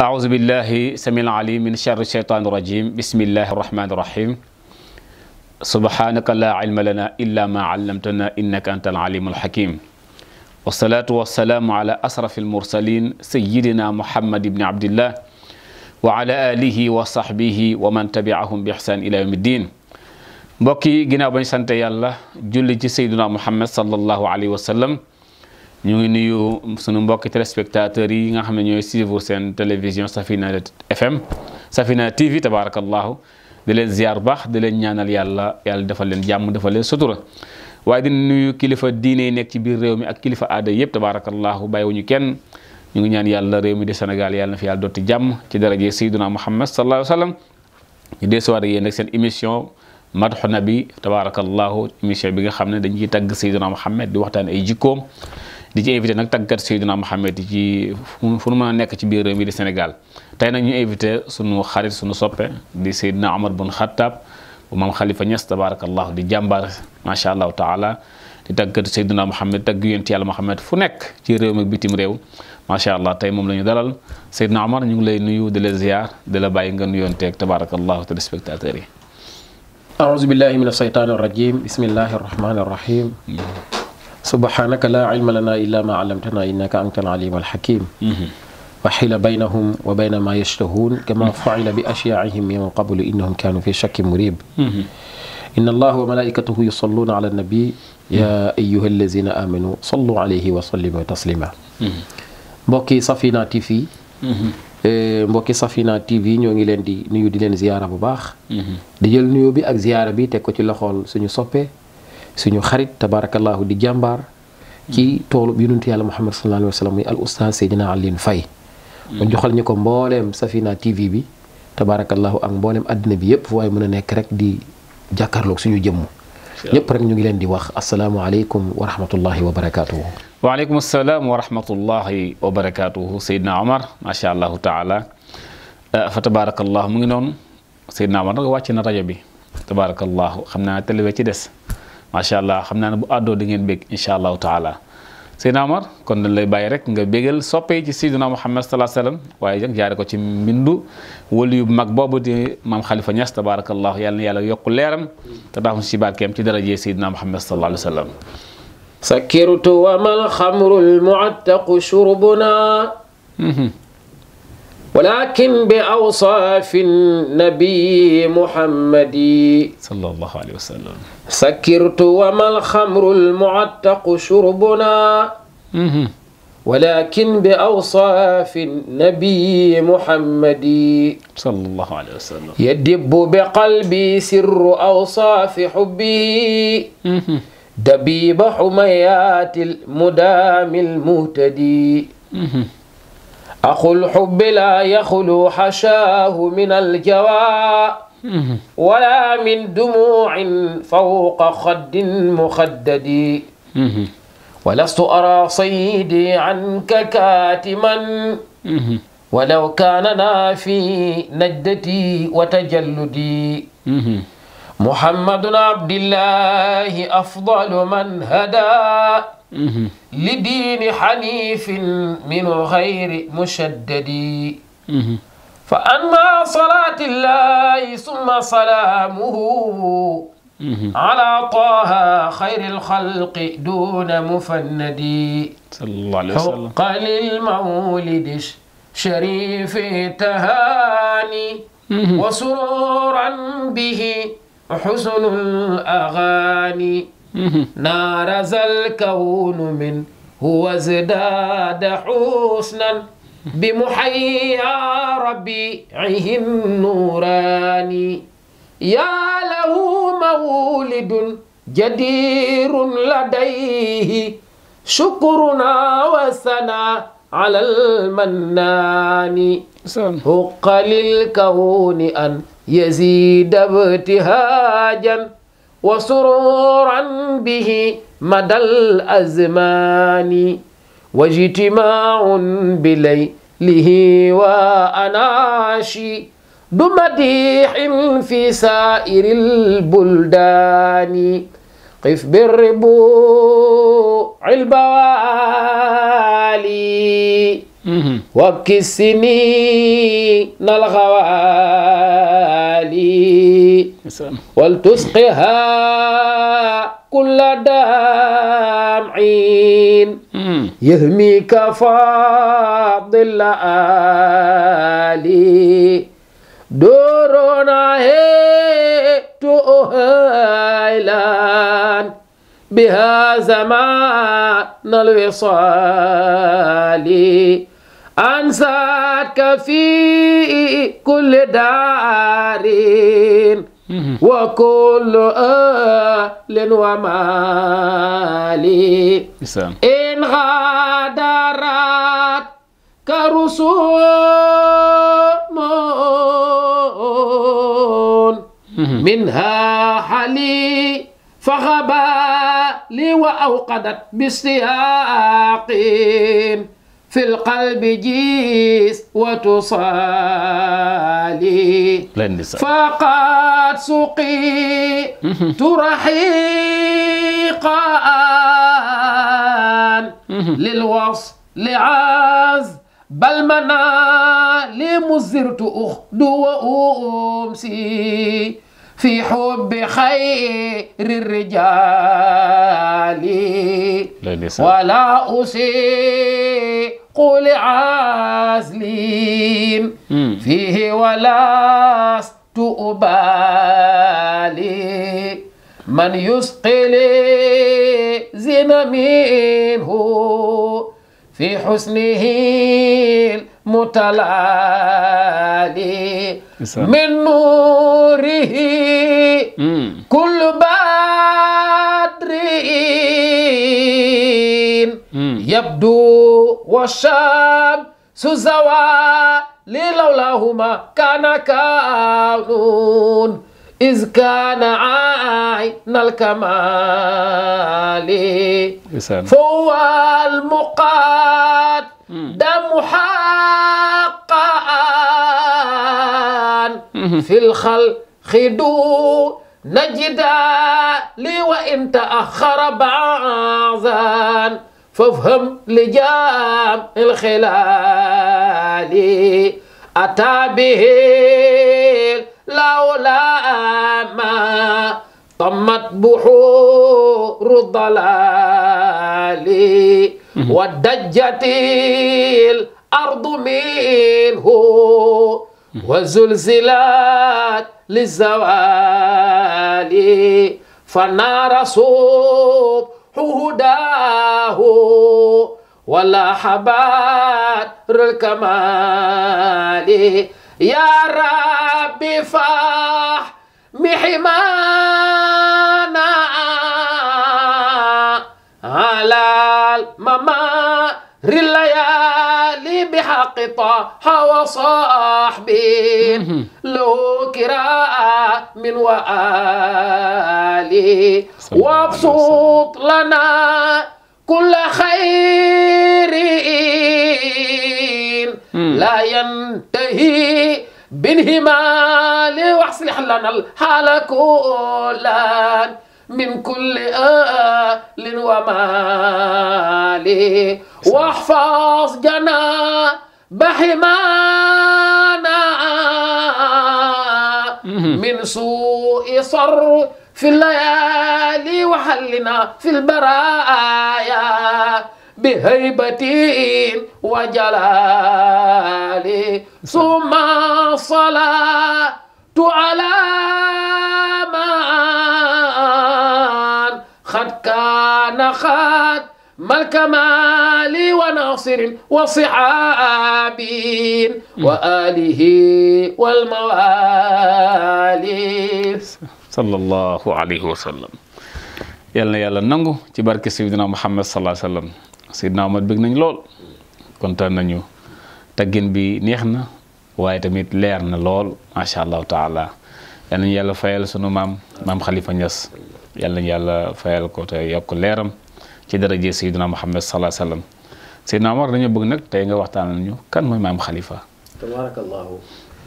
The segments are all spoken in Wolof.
أعوذ بالله سميع العليم من شر الشيطان الرجيم بسم الله الرحمن الرحيم سبحانك لا علم لنا إلا ما علمتنا إنك أنت العليم الحكيم والصلاة والسلام على أسرف المرسلين سيدنا محمد بن عبد الله وعلى آله وصحبه ومن تبعهم بإحسان إلى يوم الدين بكي جنا ginnaaw سنتي الله yàlla سيدنا محمد صلى الله عليه وسلم ñu ngi nuyu sunu mbokki téléspectateurs yi nga xam ne ñooy suivre seen télévision Safina FM Safina TV tabarakallahu di leen ziar baax di leen ñaanal yàlla yàlla defal leen jàmm defal leen sutura waaye di nuyu kilifa diine yi nekk ci biir réew mi ak kilifa aada yëpp tabarakallahu bàyyiwuñu kenn ñu ngi ñaan yàlla réew mi di Sénégal yàlla na fi yàlla dotti jàmm ci daraje Sayyiduna Muhammad sallallahu alayhi wa sallam ñu deesuwaat yéen nag seen émission madxu nabi tabarakallahu émission bi nga xam ne dañuy tagg Sayyiduna Muhammad di waxtaan ay jikkoom di ci inviter nak tàggat sayyidina mohammed di ci fu ma nek ci biir rewmi di Sénégal tay nak ñu inviter sunu xarit sunu soppe di sayyidina Omar bun Khattab bu mam Khalifa Niass tabarakallah di jambar ma sha Allah taala di tàggat sayyidina mohammed tag yent yàlla mohammed fu nek ci réew mi bitim réew macha allah tey moom la ñu dalal Seydina Omar ñu ngi lay nuyu di la ziar di la bàyyi nga nuyoonteeg tabarakallahu téléspectateurs yi. بالله من الشيطان الرجيم بسم الله الرحمن الرحيم سبحانك لا علم لنا إلا ما علمتنا إنك أنت العليم الحكيم وحيل بينهم وبين ما يشتهون كما فعل بأشياعهم من قبل إنهم كانوا في شك مريب إن الله وملائكته يصلون على النبي يا أيها الذين آمنوا صلوا عليه وسلموا تسليما mbokki صفينا TV mbokki Safina TV ñoo ngi leen di nuyu di leen ziyaara bu baax di jël nuyu bi ak ziyaara bi teg ko ci loxool suñu soppe suñu xarit tabaarakallaahu di jàmbaar ci toolub yonent yàlla Muhammad sallallahu alayhi wa sallam muy al oustaz Seydina Alioune Faye mu joxal ñu ko mbooleem Safina TV bi tabaarakallaahu ak mbooleem àddina bi yëpp fu waaye mën a nekk rek di jàkkaarloog suñu jëmm ñëpp rek ñu ngi leen di wax asalaamaaleykum wa rahmatullahi wa barakaatuhu waaleykum asalaam wa rahmatullahi wa barakaatuhu Seydina Omar macha allahu taala eh, fa tabaarakallahu mu ngi noonu Seydina Omar nag wàcc na rajo bi tabaarakallahu xam naa télé ci des macha allah xam naa ne bu àddoo di ngeen bég incha allahu taala Seydina Omar kon dañ lay bàyyi rek nga bégal soppee Muhammad sallallahu alayhi wa sallam waaye nag jaare ko ci mbindu wali yu mag boobu di maam Khalifa Niass tabarakallah yàlla na yàlla yokk leeram te daaxum si barkeem ci darajee Seydina Muhammad sallallahu alayhi wa sallam سكرت وما الخمر ولكن بأوصاف النبي محمد صلى الله عليه وسلم سكرت وما الخمر المعتق شربنا ولكن بأوصاف النبي محمد صلى الله عليه وسلم يدب بقلبي سر أوصاف حبه دبيب حميات المدام المهتدي أخو الحب لا يخلو حشاه من الجواء ولا من دموع فوق خد مخدد ولست أرى صيدي عنك كاتما ولو كان نافي نجدتي وتجلدي محمد عبد الله أفضل من هدى لدين حنيف من غير مشدد فأما صلاة الله ثم سلامه على طه خير الخلق دون مفند صلى الله عليه وسلم حق للمولد شريف تهاني وسرورا به حسن الأغاني نارز الكون من هو ازداد حسنا بمحيا ربيعه النوراني يا له مولد جدير لديه شكرنا وسنا على المنان حق للكون أن يزيد ابتهاجا وسرورا به مدى الأزمان واجتماع بليله وأناشي بمديح في سائر البلدان قف بالربوع البوالي السنين الغوالي ولتسقها كل دمع يهميك فاضل آلي دورنا هيتوه أهيلان بها زمان الوصالي أنساك في كل دارين وكل أهل ومالي إن غادرت كرسوم منها حلي فغبالي وأوقدت باستياقين في القلب جيس وتصالي فقد سقي ترحيقا للوصل عز بل منالم زرت أخد وأمسي في حب خير الرجال ولا أسيء الحق لعازلين فيه ولست أبالي من يسقي لي زين منه في حسنه المتلالي من نوره كل بدر يبدو والشام سزوا لولاهما كان كون إذ كان عين الكمال فهو المقاد دم حقا في الخلق خدو نجدا لي وإن تأخر بعضا فافهم لجام الخلال أتى به لولا ما طمت بحور الضلال ودجت الأرض منه وزلزلت للزوال فنار صوب هداه ولا حبار الكمال يا ربي فاح محماه حقطا هوا صاحبي له كراء من وآلي وابسط لنا كل خير لا ينتهي بنهمال واصلح لنا الحال كلان من كل آل ومال واحفظ جنا بحمانا من سوء صر في الليالي وحلنا في البرايا بهيبتي وجلالي ثم الصلاة على أخاد مالكمال وناصر وصحابين وآله والموالي صلى الله عليه وسلم يلا يلا ننجو تبارك سيدنا محمد صلى الله عليه وسلم سيدنا محمد بن لول كنت ننجو تجين بي نيخنا waye tamit leer na lool masha الله تعالى yalla yalla fayal sunu mam mam khalifa ñess yal nañu yàlla fayal ko te yokk leeram ci daraje Seydina Muhammad salaa sallam Seydina Omar dañoo bëgg nag tey nga waxtaan ñu kan mooy maam Khalifa. tabaarakallaahu.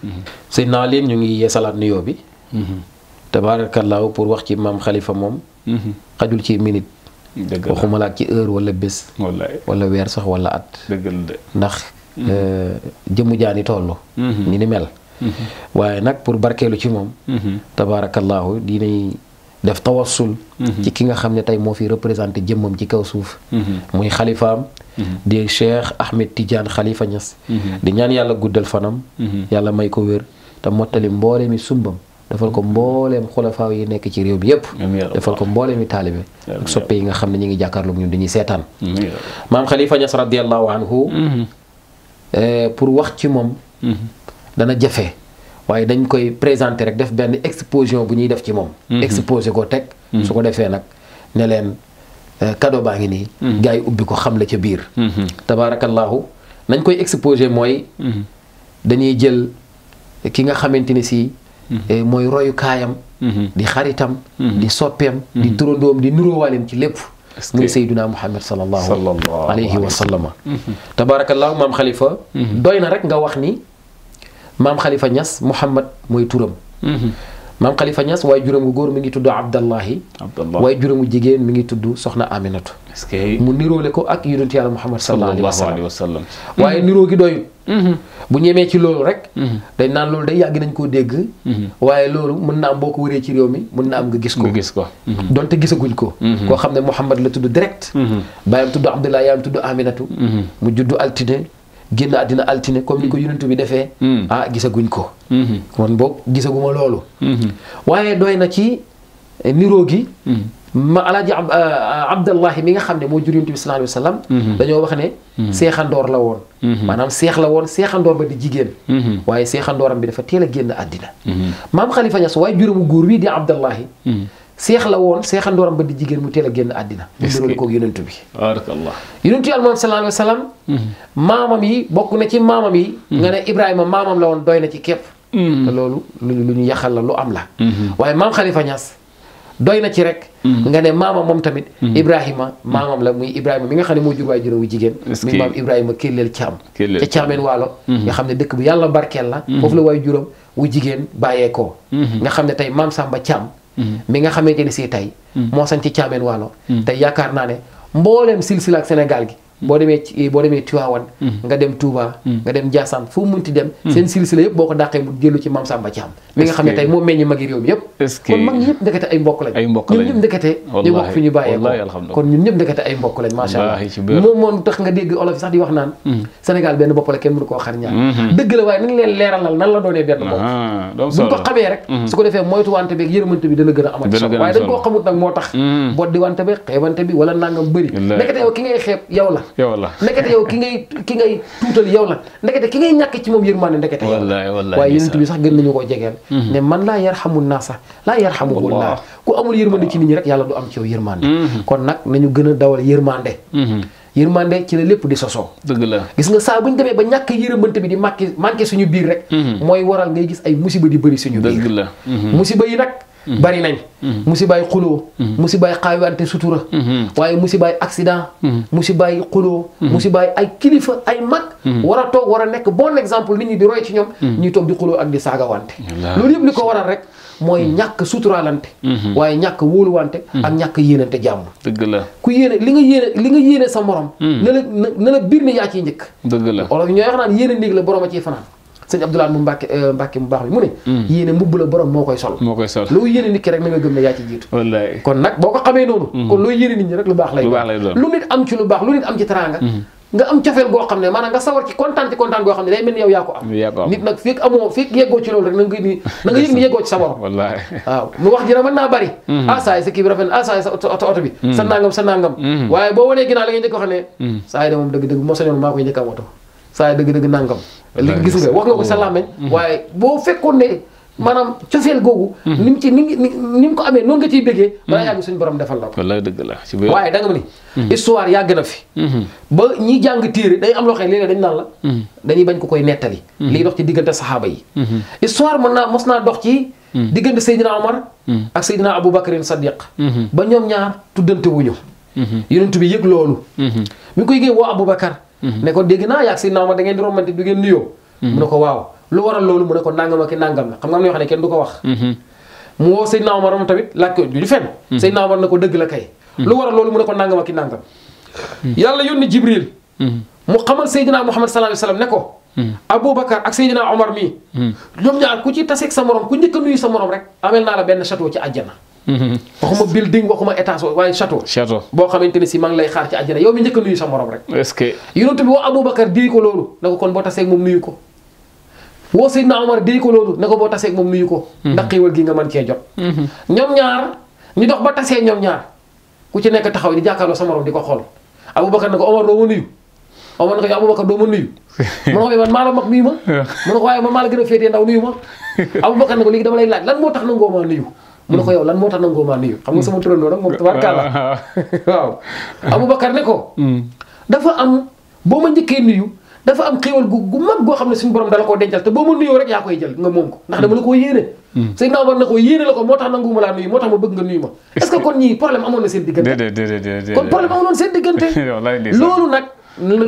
Mhm. Seydina Alioune ñu ngi salaat nuyoo bi. Mhm. tabaarakallaahu pour wax ci maam xalifa moom. Mhm. xajul ci minute. dëgg la waxuma la ak ci heure wala bés. wala weer sax wala at. dëgg ndax. Euh, jëmu jaani toll. ni ni mel. waaye nag pour barkeelu ci moom. tabaarakallaahu diinay. def tawassul mhm. ci ki nga xam ne tey moo fi représenté jëmmam ci kaw suuf mhm. muy xalifaam mhm. di Cheikh Ahmed Tidiane Khalifa Niass di ñaan yàlla guddal fanam yàlla may ko wér te mottali mbooleemi sumbam defal ko mbooleem xulafaaw yi nekk ci réew bi yépp dafal ko mbooleemi taalibe ak soppe yi nga xam ne ñu ngi jàkkaarloog ñun dañuy seetaan maam Khalifa Niass radiallahu anhu eh, pour wax ci moom dana jafe waye dañ koy présenter rek def ben exposition bu ñuy def ci mom exposer ko tek su ko defee nag ne len cadeau baangi ni nii. ubbi ko xam la ca biir. tabaarakallaahu nañ koy exposer moy dañuy jël ki nga xamanteni ni si. mooy royu kayam di xaritam. di sopem di turondom di nuro walem ci lépp. moy sayyiduna Muhammad sallallahu alayhi wa sallam. tabarakallah mam Khalifa. doyna rek nga wax ni. maam Khalifa Niass Mouhamad mooy turam. Mhm. maam Khalifa Niass waaye juróom gu góor mi ngi tudd Abdallahi. Abdallahi waaye juróom gu jigéen mi ngi tudd Soxna Aminatu. est-ce que mu niroole ko ak yonent yàlla Muhammad sallallahu alayhi wa sallam. waaye mhm. niroo gi doyut. Mhm. bu ñemee ci loolu rek. dañ naan loolu day yàgg nañ koo dégg. waaye loolu mën na am boo ko wëree ci réew mi mën na am nga gis ko. donte gisaguñ ko. koo xam ne Muhammad la tudd direct. baayam tudd Abdallahi yaayam tudd Aminatu. mu juddu altine. génn àddina altine comme ni ko mm-hmm. yonent bi defee. Mm-hmm. ah gisaguñ ko. Mm-hmm. kon boog gisaguma loolu. waaye doy na ci eh, niroo gi. ma alaaji eh, eh, abdallahi mi nga xam ne moo jur yonent bi sallallahu alayhi wa sallam dañoo wax ne seexandoor la woon maanaam seex la woon seexandoor ba di jigéen waaye seexandooram bi dafa teela génn àddina maam xalifa ñas waaye juróomu góor wi di abdallahi seex la woon seexandooram ba di jigéen mu teel a génn àddina. est ce que mu koog bi. barakallah yonent yàlla moom sallallahu alayhi mhm. yi bokk na ci maamam yi. Mhm. nga ne Ibrahima maamam la woon doy na ci képp. Mhm. loolu lu ñu yàqal la lu am la. waaye maam Khalifa Niass doy na ci rek. nga ne maamam moom tamit. Ibrahima maamam la muy Ibrahima mi nga xam ne moo jur waay juróom wu jigéen. mi maam Ibrahima Kellel Thiam. Kellel ca Thiamène Waalo. nga xam ne dëkk bi yàlla barkeel la. foofu la waay juróom wu jigéen bàyyeekoo. nga xam ne tey maam Samba Thiam mi mm-hmm. nga xamante ni si tey. Mm-hmm. moo sañ ci caameen waalo. Mm-hmm. tey yaakaar naa ne mbooleem silsila ak Sénégal gi. boo demee ci eh, boo mm. nga dem Touba. Mm. nga dem Ndiassane fu mu munti dem mm. seen silsila yëpp boo ko dàqee mu jëlu ci Maam Samba Thiam mi nga xam ne tey moom moom nga dégg olof sax di wax naan Sénégal benn bopp kenn mënu koo mm-hmm. ah, xamee rek mm-hmm. su ko defee moytu wante beeg yërëmante bi dana gën a amati solo waaye dañ koo xamut nag moo tax mm-hmm. bot wante bi xeebante bi wala nangam bëri ndekete yow ki ngay xeeb yow la yow la ndekete yow ki ngay tuutal yow la ndekete ki ngay ñàkk ci moom yërmaande ndekete yow la waaye yonent sax gën nañu koo jegeel mhm. ne man laa yarxamu naasa laa yarxamuhu llah ku amul yërmande ci nit ñi rek yàlla du am ci yow yërmande mhm. kon nag nañu gën a dawal yërmande mhm. yërmande ci la lépp di sosoo dëgg la gis nga saa bu ñu demee ba ñàkk yërëmante bi di manqué manqué suñu biir rek mooy waral ngay gis ay musiba di bëri suñu biir musiba yi nag Mhm. bari nañ mhm. musibaay xuloo mhm. musibaay wante sutura waaye musibaay accident musibaay xuloo musibaay ay kilifa ay mag war a toog war a nekk bon exemple nit ñi di roy ci ñoom ñuy toog di xuloo ak di saagawante loolu yëpp li ko waral rek mooy ñàkk suturaalante waaye ñàkk wóoluwante ak ñàkk yéenante jàmm dëgg la ku yéene li nga yéene li nga yéene sa morom na la na la biir ne yaa ciy njëkk dëgg la olof ñooy naan yéene néeg la borom a ciy fanaan sëñ Abdoulaye mu Mbàkke euh, Mbàkke mu baax bi mu ne hmm. yéene mbubb la borom moo koy sol moo koy nit ki rek na nga gëm ne yaa ci jiitu kon nag boo ko xamee noonu hmm. kon loo yéene nit ñi rek lu baax lay doon lu nit am ci lu baax lu nit am ci teraanga hmm. nga am na nga ni na nga yëg ni yeggoo ci sa borom wallaay naa bari ah, sa kii bi rafet na ah saa oto oto bi sa nangam sa nangam waaye boo wanee ginnaaw la nga njëkk wax ne saa yi de moom dëgg dëgg moo sañoon maa koy njëkk am oto dëgg dëgg nangam li gis nga wax nga ko sa mm-hmm. waaye boo fekkoon ne maanaam cofeel googu mm-hmm. ni mu ci ni ngi ni ko amee noonu nga ciy bëggee mm-hmm. balaa yàgg suñu borom defal la ko wallaay dëgg la waaye da nga ma ni histoire yàgg na fi ba ñi jàng téere day am loo xam ne léeg-léeg dañ bañ ko koy nettali liy dox ci diggante saxaaba yi histoire mën naa mos naa dox ci diggante Seydina Omar ak Seydina Aboubacarin Sadiq ba ñoom ñaar tuddante wuñu yonent bi yëg loolu mi ngi koy yëgee woo Aboubacar ne mhm. ko dégg naa yaag si naaw ma da ngeen di rombante du ngeen nuyoo mhm. mu ne ko waaw lu waral loolu mu ne ko nàngam ak nàngam la xam nga am na yoo xam ne ko wax mhm. mu woo sëñ naaw ma tamit laaj ko na ko dëgg la kay lu waral loolu mu ne ko nàngam ak nàngam yàlla yónni jibril mu xamal Seydina Muhammad sallallahu alayhi ak Seydina Omar mii ñoom ñaar ku ci taseeg sa morom ku njëkk nuyu sa morom rek amel naa la benn château ci àjjana waxuma building waxuma étage waaye château. château boo xamante ne si maa ngi lay xaar ci àjjana yow mi njëkk a nuyu sa morom rek. est-ce que. yonent bi woo Aboubacar déy ko loolu na ko kon boo tasee ak moom nuyu ko woo Seydina Omar déy ko loolu ko boo tasee moom nuyu ko. Mhm. ndax xéewal gi nga man cee jot. Mhm. ñoom ñaar ñu dox ba tasee ñoom ñaar ku ci nekk taxaw di jàkkaarloo sa morom di ko xool Aboubacar na ko Omar doo ma nuyu. Omar na ko yow Aboubacar doo ma nuyu. mu ne ko eh, man maa la nuyu ma. mu ne ko waaye man maa la gën a féetee ndaw laaj lan moo tax nangoo maa nuyu mu ne hmm. yow lan moo tax nangoo maa nuyu xam nga hmm. sama turandoo ne ko hmm. dafa am boo ma njëkkee nuyu dafa am xéewal gu boo ma nuyoo rek yaa koy jël nga moom ko na moo tax na seen diggante kon problème amoon loolu nag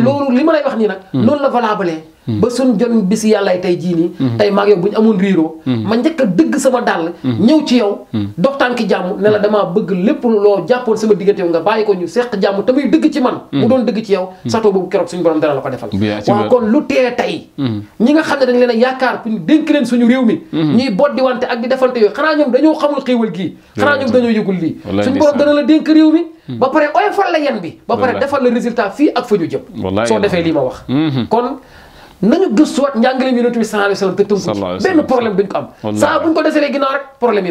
loolu li ma lay wax nii nag loolu la valable Hmm. ba suñ jon bis yàllaay tey jii nii. Hmm. tey maag yow bu ñu amoon riiroo. Hmm. ma njëkk dëgg sama dàll. ñëw ci yow. dox tànki jàmm ne la damaa bëgg lépp loo jàppoon sama diggante yow nga bàyyi ko ñu seq jàmm te muy dëgg ci man. mu doon dëgg ci yow. sato boobu keroog suñu borom dana la ko defal. waaw kon lu tee tey. ñi nga xam yaakaar pour dénk leen suñu réew mi. ñuy boddi wante ak defante yooyu xanaa ñoom dañoo xamul xéewal gii. xanaa ñoom dañoo yëgul lii. suñu borom dana la dénk réew mi ba pare oyofal la yen bi ba pare defal la résultat fii ak fa ñu jëm soo defee lii ma wax nañu gëstuwaat njàngaleem yonent bi sallallahu alayhi wasallam te tënku benn problème duñ ko am saa buñ ko ko deselee ginnaaw rek problème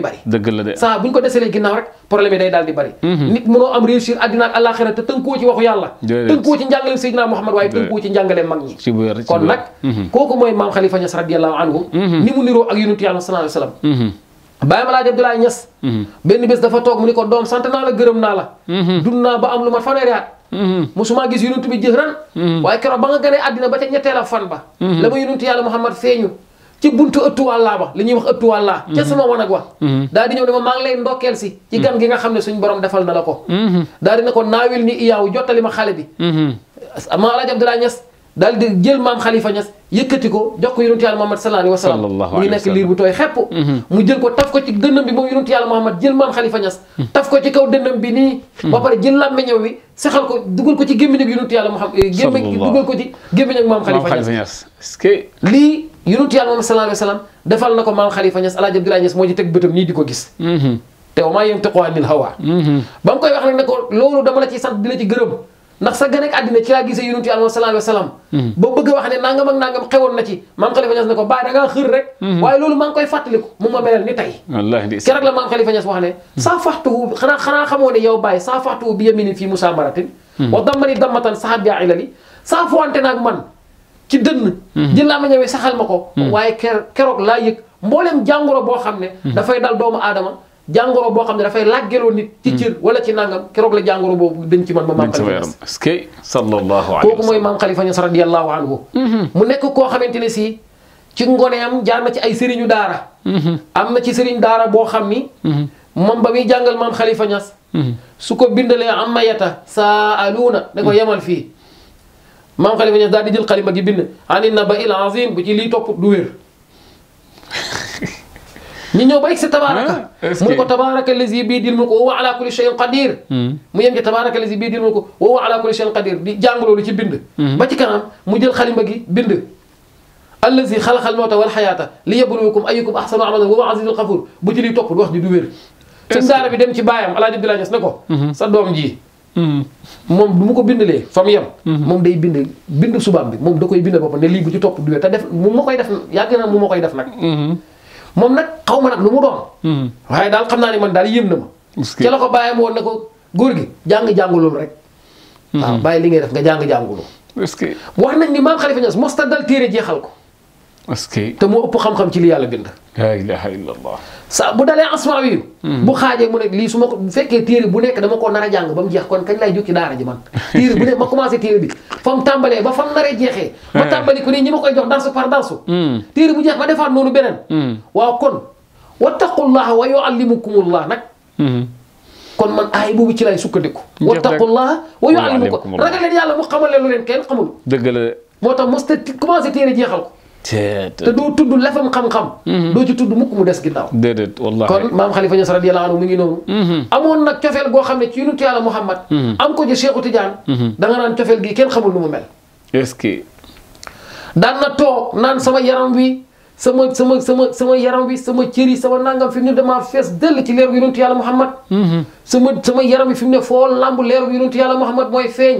yi day daal di bari mhm. nit mënoo am réussir àddina ak àllaaxira te tënkoo ci waxu yàlla tënkoo ci njàngaleem Seydina Muhammad waaye tënkoo ci njàngaleem mag ñi kon nag mhm. kooku mooy maam Khalifa Niass radiyallahu anhu mhm. ni mu niroo ak yonent yàlla sallallahu alayhi wasallam Baye Malade Abdoulaye Niass benn bés dafa toog mu ni ko ma fanweeri at Mm-hmm. ma gis yonent bi jëhran mm-hmm. waaye keroog ba nga gënee àddina ba ca ñetteela fan ba mm-hmm. la ma yonent yàlla Muhammad feeñu ci buntu ëttu wàllaa ba li ñuy wax ëttu wàllaa ca wanag wa daal di ñëw ne ma maa ngi lay ndokkeel si ci gan gi nga xam ne suñ borom defal na la ko daal di ne ko naawil ni iyaaw jottali ma xale bi maa Alaaji Abdoulaye Niass daal di jël maam Khalifa Niass yëkkati ko jox ko yonent yàlla Muhammad sallallahu alayhi wa sallam muy nekk liir mhm. ko taf ko yàlla Muhammad jël maam Khalifa Niass mhm. taf ko ci kaw dënnam bi nii mhm. wi saxal ko ci gémmiñ ak yonent yàlla Muhammad eh, gémmiñ dugal ko defal na ko maam Khalifa Niass Alaaji Abdoulaye Niass moo ci teg bëtam nii di ko gis te wa maa yantiqu anil hawaa ba mu koy wax ne ko loolu dama la ciy sant di la ci gërëm ndax sa gën ak àddina ci laa gisee yonent yàlla sallallahu alayhi wa sallam mhm. ba bëgg a wax ne nangam ak nangam xewoon na ci maam Khalifa Niass ne ko baa da ngaa xër rek mhm. waaye loolu maa ngi koy fàttaliku mu ma melal ni tey keroog la maam Khalifa Niass wax ne mhm. saa faxtuhu xanaa xanaa xamoo ne yow bàyyi saa faxtuhu bi yaminin fii musaamaratin wa dammani dammatan saxat yaa ilali saa foante naag man ci dënn jël laa ma ñëwee saxal ma ko waaye keroog laa yëg mbooleem jàngoro boo xam ne dafay dal doomu aadama jàngoro boo xam ne dafay làggeloo nit. ci hmm. cër wala ci nangam keroog la jàngoro boobu dañ ci man ba maam Khalifa Niass est-ce que sallallahu alayhi wa sallam kooku mooy anhu hmm. mu nekk koo xamante ne si ci ngoneem jaar na ci ay sëriñu daara. Hmm. am na ci sëriñ daara boo xam ni. moom ba muy jàngal maam Khalifa Niass. su ko bindalee am mayata saa aluuna da ko yemal fii. maam Khalifa Niass daal di jël xalima gi bind. anin naba il azim bu ci lii topp du wér. ñu ñëw ba egg si tabaaraka mu ne ko tabaaraka lazi bii dil mulku wa huwa ala kulli shay'in qadir mu yem ci tabaaraka lazi bii dil mulku wa huwa ala kulli shay'in qadir di jàng loolu ci bind ba ci kanam mu jël xalimba gi bind allazi xalaqal mawta wal xayaata li yabluwakum ayyukum ahsanu amalan wa huwa azizul xafur bu ci liy topp wax ji du wér suñ daara bi dem ci baayam alaaji Abdoulaye Niass ne ko sa doom ji moom du mu ko bindalee fa mu yem moom day bind bind subaam bi moom da koy bind boppam ne lii bu ci topp du wér te def mu ma koy def yàgg na mu ma koy def nag moom nag xaw ma nag lu mu doon. Hmm. waaye daal xam naa ne man daal yéem na ma. ci a ko bàyyam woon na ko góor gi jàng jàngulul rek. Hmm. waaw bàyyi li ngay def nga jàng jànguloo. est-ce wax nañ ni maam Khalifa Niass mos ta dal téere jeexal ko. est que te moo ëpp xam-xam ci li yàlla bind. la ilaha illallah. bu dalee asmaa bu xaajee mu ne lii su ma ko bu fekkee téere bu nekk dama koo nar a jàng ba mu jeex kon kañ lay jóg ci daara ji man. téere bu nekk ma commencé téere bi fa mu tàmbalee ba fa mu nar a jeexee. Hmm. ma tàmbali ko nii ñi ma koy jox dansu par dansu. Hmm. téere bu jeex ma defaat noonu beneen. Hmm. waaw kon wattaqullaha wa yuallimukumullaah nag. kon man aay boobu ci lay sukkandiku. wattaqullaah wa yuallimukum ragal leen yàlla mu xamal leen lu leen kenn xamul. dëgg la moo tax mos ta commencé téere jeexal ko te doo tudd lefam xam-xam mm-hmm. doo ci tudd mukk mu des ginnaaw déedéet wallahi kon maam xalifa ñas radiyallahu anhu mi ngi noonu mm-hmm. amoon ci muhammad mm-hmm. am ko ci cheikhu tidiane da nga naan cofeel gi kenn xamul nu mu mel est-ce que na toog naan sama yaram wi sama sama sama sama yaram sama ciri, sama nangam fi mu ne damaa fees dell ci muhammad sama sama yaram bi fi lambu ne foo lamb muhammad mooy feeñ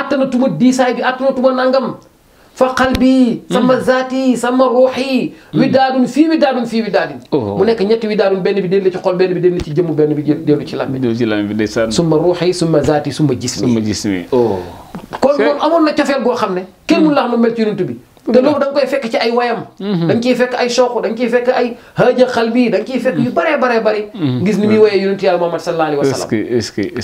attana tuma diisaay bi attana tuma nangam fa qalbi sama mm-hmm. zaati sama ruux yi. Mm-hmm. widaadun fii widaadun fii widaadin. Oh. mu nekk ñetti widaadun benn bi dellu ci xol benn bi dellu ci jëmm bi dellu ci làmmiñ. dellu bi ndeysaan. summa ruux yi summa zaati yi summa jismi. jismi. Oh. kon moom amoon na cofeel goo xam ne. kenn mënul mm. a xam ne mel ci yonent bi. te mm. loolu da koy fekk ci ay wayam. Mm-hmm. da nga ciy fekk ay soxu da nga fekk ay haaja xalbi da nga ciy fekk yu mm. bëree bëree bëri. gis ni muy woyee yonent yàlla Muhammad sallallahu alayhi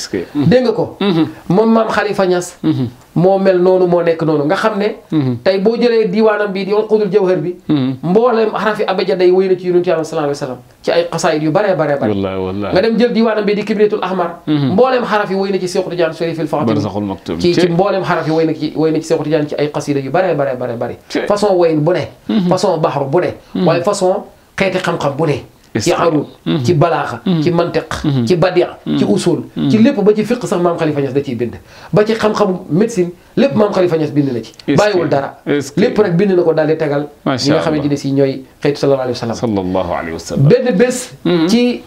wa sallam. ko. moo mel noonu moo nekk noonu nga xam ne mhm. tey boo jëlee diiwaanam bi di unqudul jawhar bi mhm. mbooleem xarafi abaja day wéy na ci yonentu yàlla sallallahu alayhi wasallam ci ay xasaayit yu bare bare bare nga dem jël diiwaanam bi di kibriyatul ahmar mhm. mbooleem xaraf yi wéy na ci Seexu Tijaan Sharifil Fatim ci ci mbooleem xaraf yi wéy na ci wéy na ci ci ay xasida yu bare bare bare façon wayin bu façon baxru bu ne façon xeeti xam-xam ne ci arud mhm. ci balaaxa mhm. ci mantiq mhm. ci badia ci usul ci lépp ba ci fiq sax maam Khalifa Niass da ciy bind ba ci xam-xamu médecine lépp maam Khalifa Niass bind na ci bàyyiwul dara lépp rek bind na ko daal di tegal ñi nga xamante ne si ñooy xeetu sallallahu alayhi wa sallam benn bés ci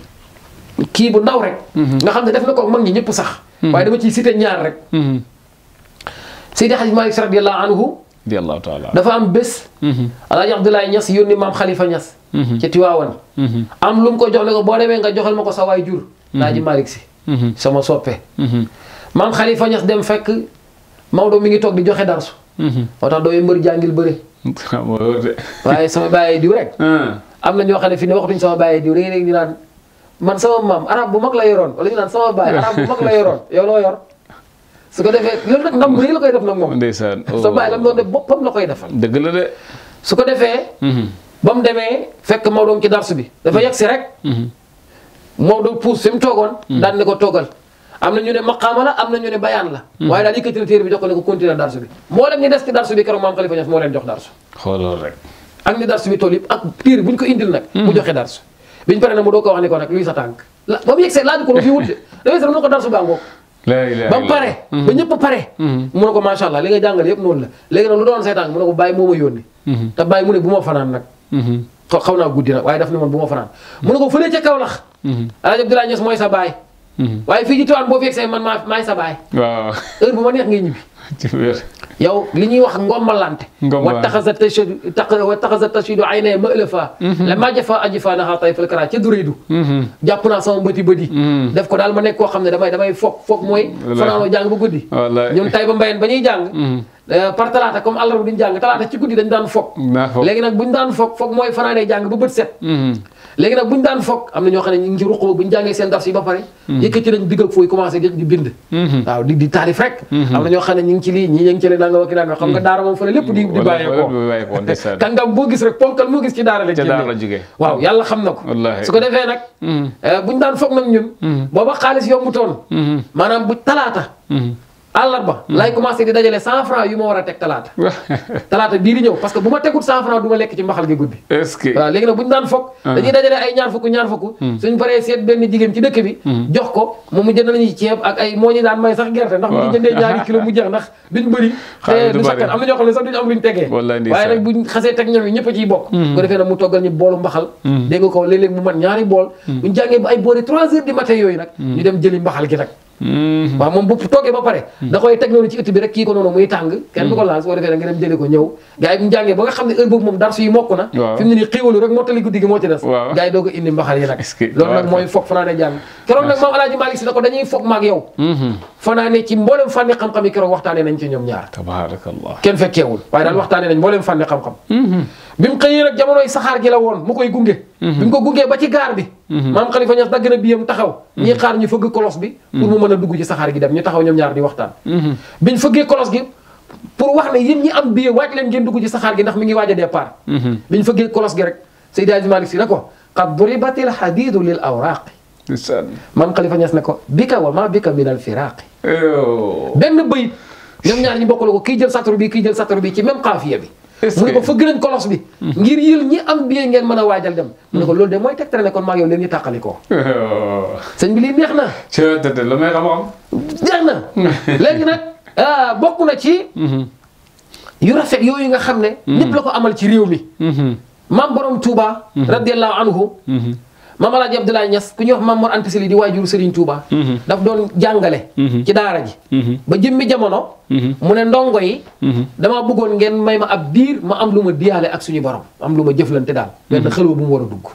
kii bu ndaw rek nga xam ne def na ko mag ñi ñëpp sax waaye dama ciy cité ñaar rek Seydi Hadj Malick radiyallahu anhu Dia taala dafa am bés. Mhm. alaaji Abdoulaye Niass yónni maam Khalifa Niass. Mhm. ca Tiwaawan. Mhm. am lum mu ko jox ne ko boo demee nga joxal ma sa waay jur. naji Malick si. sama soppe. Mam Khalifa Niass dem fekk Maodo mi ngi toog di joxe darsu. moo tax dooy mbër jàngil bëre. waaye sama bàyyi diw rek. Ah. am na ñoo xam fi ne waxtuñ sama bàyyi diw rek man sama mam. arab bu mag la yoroon wala ñu sama bàyyi arab bu mag la yoroon yow yor. su ko defee loolu nag ndam rëy la koy def nag moom. ndeysaan la koy defal. dëgg la de. ko defee. Mhm. ba mu demee fekk Maodo ci darsu bi. dafa mhm. yegg si rek. Mhm. Maodo puus fi mu toogoon. daan ne ko toogal. am na ñu ne maqaama la am na ñu ne bayaan la. waaye daal yëkkatil téere bi jox ko ko continuer darsu bi. moo leen darsu bi tool yëpp bu ñu ko indil nag. mu joxe darsu. biñ pare na mu doo ko wax ne ko nag luy sa tànk. ba mu yegg laaj ko lu fi wut de dafay sax mu ne darsu baa ngoog ba mu pare mhm. ba ñëpp pare mhm. mu ne ko macha allah li nga jàngal yëpp noonu la léegi nag lu doon seetaan mu ne ko bàyyi moo ma yónni mhm. te bàyyi mu ne bu ma fanaan nag xaw naa guddi nag waaye daf ne moon bu ma fanaan mu ne ko fële ca Kaolack Alaaji Abdoulaye Niass mooy sa baay waaye fii ci Tiwaan boo fi yegsee man maa maay sa baay waaw heure bu ma neex ngay ñibbi ci wér yow li ñuy wax ngombalante wa taxasa tashidu wa taxasa tashidu ay nay malafa mhm. la maa jafa ajifa naxaa tay fal kara ca duréydu mhm. jàpp naa sama bëti bëti mhm. def ko daal ma nekk koo xam ne damay damay foog foog mooy fanaanoo jàng ba guddi ñun tay bët set léegi nag bu ñu daan foog am na ñoo xam ne ñu ngi ci ruq ba bu ñu seen daf si ba pare hmm. yëkkati nañ digg ak fooy commencé di bind hmm. di di taalif hmm. am na ñoo xam ne ñu ngi ci lii ñii ñu ngi ci lee nanga wakki nanga xam nga daara moom fële lépp di di bàyyeekoo kàngam boo gis rek ponkal moo gis ci daara la jógee waaw yàlla xam na ko su ko defee nag eh, bu ñu daan foog nag ñun booba xaalis yombutoon maanaam bu talaata àllarba hmm. laay commencé di dajale cent franc yu ma war a teg talaata. talaata bii di ñëw parce que bu ma tegut cent franc du ma lekk ci mbaxal gi guddi. est-ce que waaw léegi nag bu ñu daan fokk. Ah. dañuy dajale ay ñaar fukk ñaar fukk. Hmm. suñ paree seet benn jigéen ci dëkk bi. Hmm. jox ko moom mu jëndal ñu ceeb ak ay moo ñu daan may sax gerte ndax. waaw bu ñu jëndee mu jeex ndax duñ bëri. te du sakkan tegee. waaye nag xasee teg ñoom yi ñëpp a ciy bokk. ko defee nag mu toggal ñu boolu mbaxal. dégg ko léeg-léeg mu man ñaari bool. buñ jàngee ba ay boori yooyu nag ñu jëli mbaxal gi nag ma mm-hmm. moom bu toogee ba pare mm-hmm. da koy teg noonu bi rek kii ko noonu muy tàng kenn du ko laal su ko defee nag nga dem jëli ko ñëw na fi mu nag mooy foog fanaane jàng keroog mm-hmm. ci mboolem fànni xam-xam yi keroog waxtaanee nañ ci ñoom ñaar kenn fekkeewul waaye waxtaanee nañ mboolem fànni xam-xam bi mu xëyee nag jamonoy saxaar gi la woon mu koy gunge. Mhm. bi ko gungee ba ci gaar bi. Mhm. maam Khalifa Niass dagg na biyam taxaw. Mhm. ñii xaar ñu fëgg kolos bi. pour mu mën a dugg ci saxaar gi dem ñu taxaw ñoom ñaar di waxtaan. biñ fëggee kolos gi pour wax ne yéen ñi am billet waaj leen ngeen dugg ci saxaar gi ndax mi ngi waaj a départ. gi rek Seydi Hadji Malick Sy ne ko qad duribatil hadidu lil awraqi. maam Khalifa Niass ne ko bika wa ma bika min al firaqi. benn bëyit ñoom ñaar ñi bokkul ko kii jël satru bi kii jël satru bi ci même xaafiya bi mu ne ko fëgg bi hmm. ngir yil ñi am billet ngeen mën a waajal dem mu ne ko loolu de mooy tegtale ne kon maa yow leen ñu tàqali ko oh. sëñ bi lii neex na lu may xam-xam neex na léegi a ah, bokku na ci hmm. yu rafet yooyu nga xam ne hmm. ñëpp la ko amal ci réew mi maam borom Touba radiallahu anhu maam de Abdoulaye Niass ku ñuy wax maam Mor Anta Sali di waajuru Serigne Touba. Mhm. daf doon jàngale. Mhm. ci daara ji. Mhm. ba jëmmi jamono. mu ne ndongo yi. dama bëggoon ngeen may ma ab diir ma am lu ma diyaale ak suñu borom am lu ma jëflante daal. benn xelwa bu mu war a dugg.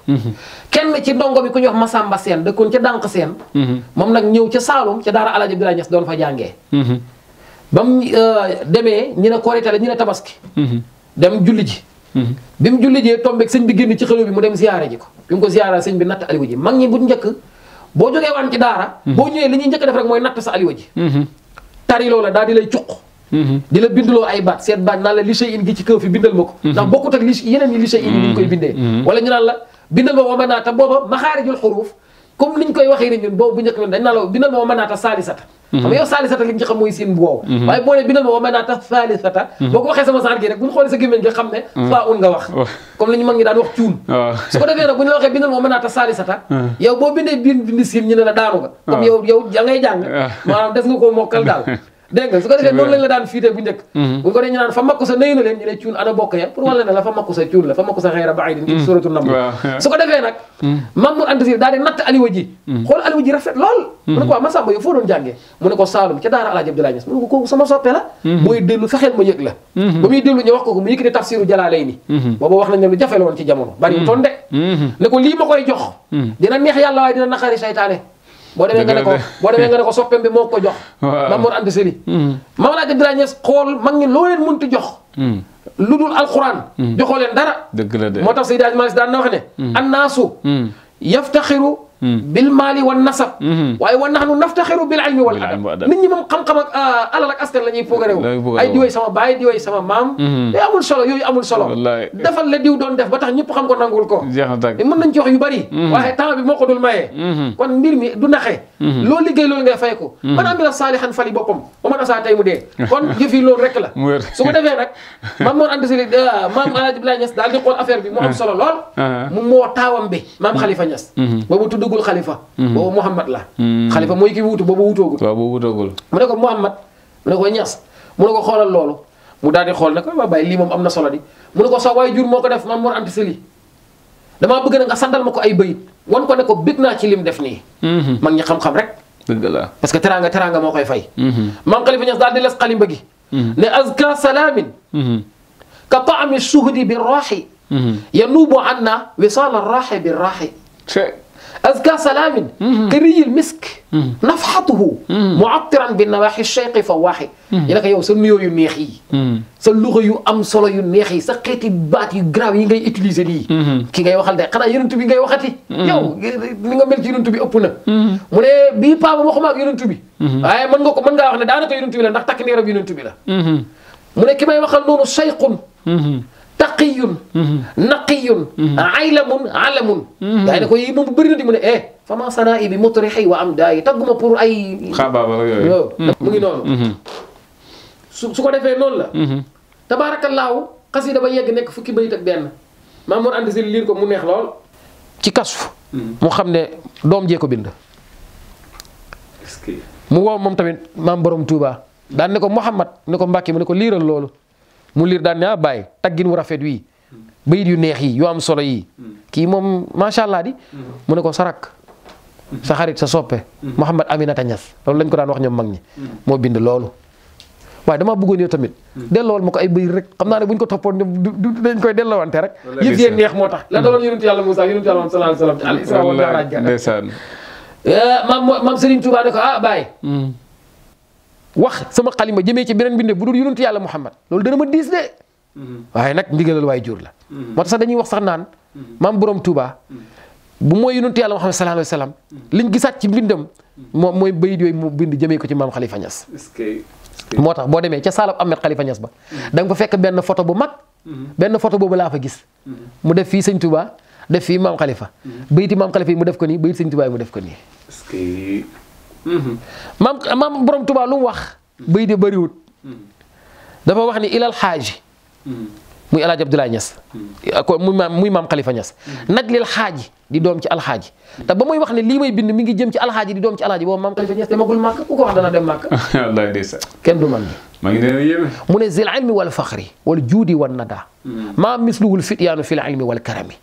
kenn ci ndongo bi ku ñuy wax Masamba Seen dëkkoon ca Dànq Seen. moom nag ñëw ca Saalum ca daara Alaaji Abdoulaye Niass doon fa jàngee. ba mu euh, demee ñu ne Korite la ñu ne Tabaski. dem julli ji. bi mu julli jee tombeeg sëñ bi génn ci xëlo bi mu dem ziyaare ji ko bi mu ko ziyaara sëñ bi natt aliwa mag ñi bu njëkk boo jógee waan mhm. mhm. daal mhm. la li shay in gi ci kaw fi bindal ma ko ndax bokkut ak yeneen li shay in yi ñu koy bindee wala ñu naan la bindal ma wa manaata booba maxaarijul xuruuf comme niñ koy waxee ñun boobu bu njëkk dañ naa la bindal ma wa manaata Mm-hmm. xam nga yow saalisata li nga xam mooy siin bu woow boo ne bindal ma wa manaata saalisata mm-hmm. boo ko waxee sama saar gi rek bu ñu xoolee sa gémmiñ xam ne mm-hmm. faa un nga wax oh. comme li ñu mag ñi daan wax cuun oh. su ko defee nag bu ñu la waxee bindal ma wa manaata saalisata mm. yow boo bindee bind bind siin ñu ne la daanu nga comme oh. yow yow da ngay jàng maanaam nga koo mokkal daal dégg nga su ko sa sa ba ay nag mhm. Mamour Anta Sali daal natt Aliou ji mhm. xool rafet lool mhm. mu ne ko Massamba yow foo doon jàngee mu ne ko Saalum ca daara Alaaji Abdoulaye Niass mu ne ko kooku sama soppe la booy dellu fexeel ma yëg la wax ko ko mu yëkkati ci jamono bari toon ne ko lii koy jox dina neex yàlla waaye dina naqari saytaane boo demee nga ne ko boo demee nga ne ko soppeem moo ko jox Maam Mor Anta Sali hmm. Maam Alaaji Abdoulaye Niass xool mag ñi loo leen mënti jox hmm. lu dul alquran hmm. joxoo leen dara dëgg la de moo tax Seydi Hadji Malick daan na wax ne annaasu yaftaxiru bilmaali wan nasab waaye wa nahnu naftaxiru bil ilmi wal adab nit ñi moom xam-xam ak alal ak askan la ñuy foogarewu ay diwéy sama baay diwéy sama maam yooyu amul solo yooyu amul solo defal la diw doon def ba tax ñëpp xam ko nangul ko mën nañ ci wax yu bari waaye temps bi moo ko dul mayee kon mbir mi du naxe loolu liggéey loolu ngay fay ko man amila saalihan fali boppam ba man asaa tey mu dee kon jëf yi loolu rek la su ko defee nag maam moon ànd si maam Alaaji Ibrahima Niass daal di xool affaire bi mu am solo lool mu moo taawam bi maam Khalifa Niass boobu tudd tuddagul xalifa. Mm-hmm. boobu Mouhamad la. Mm-hmm. xalifa mooy ki wuutu boobu wuutoogul. waaw boobu wuutoogul. mu ne ko Mouhamad mu ne ko Niass mu ne ko xoolal loolu mu daal di xool ne ko waa bàyyi lii moom am na solo di mu ne ko sa waay jur moo ko man moo am ci seli naa ci def nii. Mm-hmm. mag ñi xam-xam rek. la parce que teraanga teraanga moo koy fay. maam Khalifa Niass daal di les xalimba gi. ne azka salaamin. ka taami suhdi bi raaxi. yanuubu anna wisaala raaxi bi raaxi. أزكى سلام قري المسك نفحته معطرا بالنواحي الشيق فواحي يلاك يو سنيو يميخي سلوغ يو أم يميخي يو سقيتي بات يو غراو ينغي utiliser لي كي غي وخال دي قدا يرنتو بي غي وخاتي يو نيغا ملت يرنتو بي أبونا مولي بي papa waxuma يرنتو بي bi من غوكو من ko man nga wax ne danaka yonentou bi la ndax tak neeram yonentou bi la taqiyun mhm. naqiyun mhm. aylamun alamun dañ ko yi moom bëri na di mu ne eh fama sanaa'i bi mutrihi wa amda'i. taguma pour ay xabaabal yooyu mu ngi non su ko defé non la tabarakallah qasida ba yegg nek fukki bayit ak benn Mamour andi Sali liir ko mu neex lol ci kasfu mu xamne dom je ko bind mu wo mom tamit mam borom Touba dan ne ko mohammed ne ko Mbàkke mu ne ko liral lolou mu lire daan ne bay ah, bàyyi taggin wu rafet wi bay yu neex yi yu am solo yi kii moom macha allah di mu ne ko sarak sa xarit sa soppe mohammed Aminata Niass lolou lañ ko daan wax ñom magni mo bind lolou way dama bëggoon yow tamit delloowal ma ko ay bay rek xamna ne buñ ko topone du dañ koy delloowante rek yëf neex motax la doon yonent yalla musa yonent yalla sallallahu alaihi wasallam al isra wal mi'raj eh, mam maam Serigne Touba ne ko ah bay wax sama xalima jeme ci benen binde budul dul yalla muhammad loolu dana ma diis de mm-hmm. waye nak ndigalal way jur la mm-hmm. moo sax dañuy wax sax nan mam mm-hmm. borom Touba bu moy yalla muhammad sallallahu alaihi wasallam sallam gissat ci bindam moom mooy bayit yoy mu bind jeme ko ci mam Khalifa nias motax bo boo ci salaf Ahmed Khalifa nias ba dang fa fekk ben photo bu mag ben photo bobu la fa gis mu def fi seigne Touba def fi mam Khalifa bayiti mam Khalifa mu def ko ni bayit seigne Touba mu def ko ni maam maam borom Tuubaa lu mu wax bay de bëriwut dafa wax ni ilal xaaji muy El Hadj Abdoulaye Niass muy maam muy maam Khalifa Niass nag lil xaaji di doom ci alxaaji te ba muy wax ne lii may bind mi ngi jëm ci alxaaji di doom ci alxaaji boobu maam Khalifa Niass demagul kenn du man ma ngi leen yéeme mu ne zil ilmi wal faxri wal juudi wan nada mm. maa misluhul fityaanu fil ilmi wal karami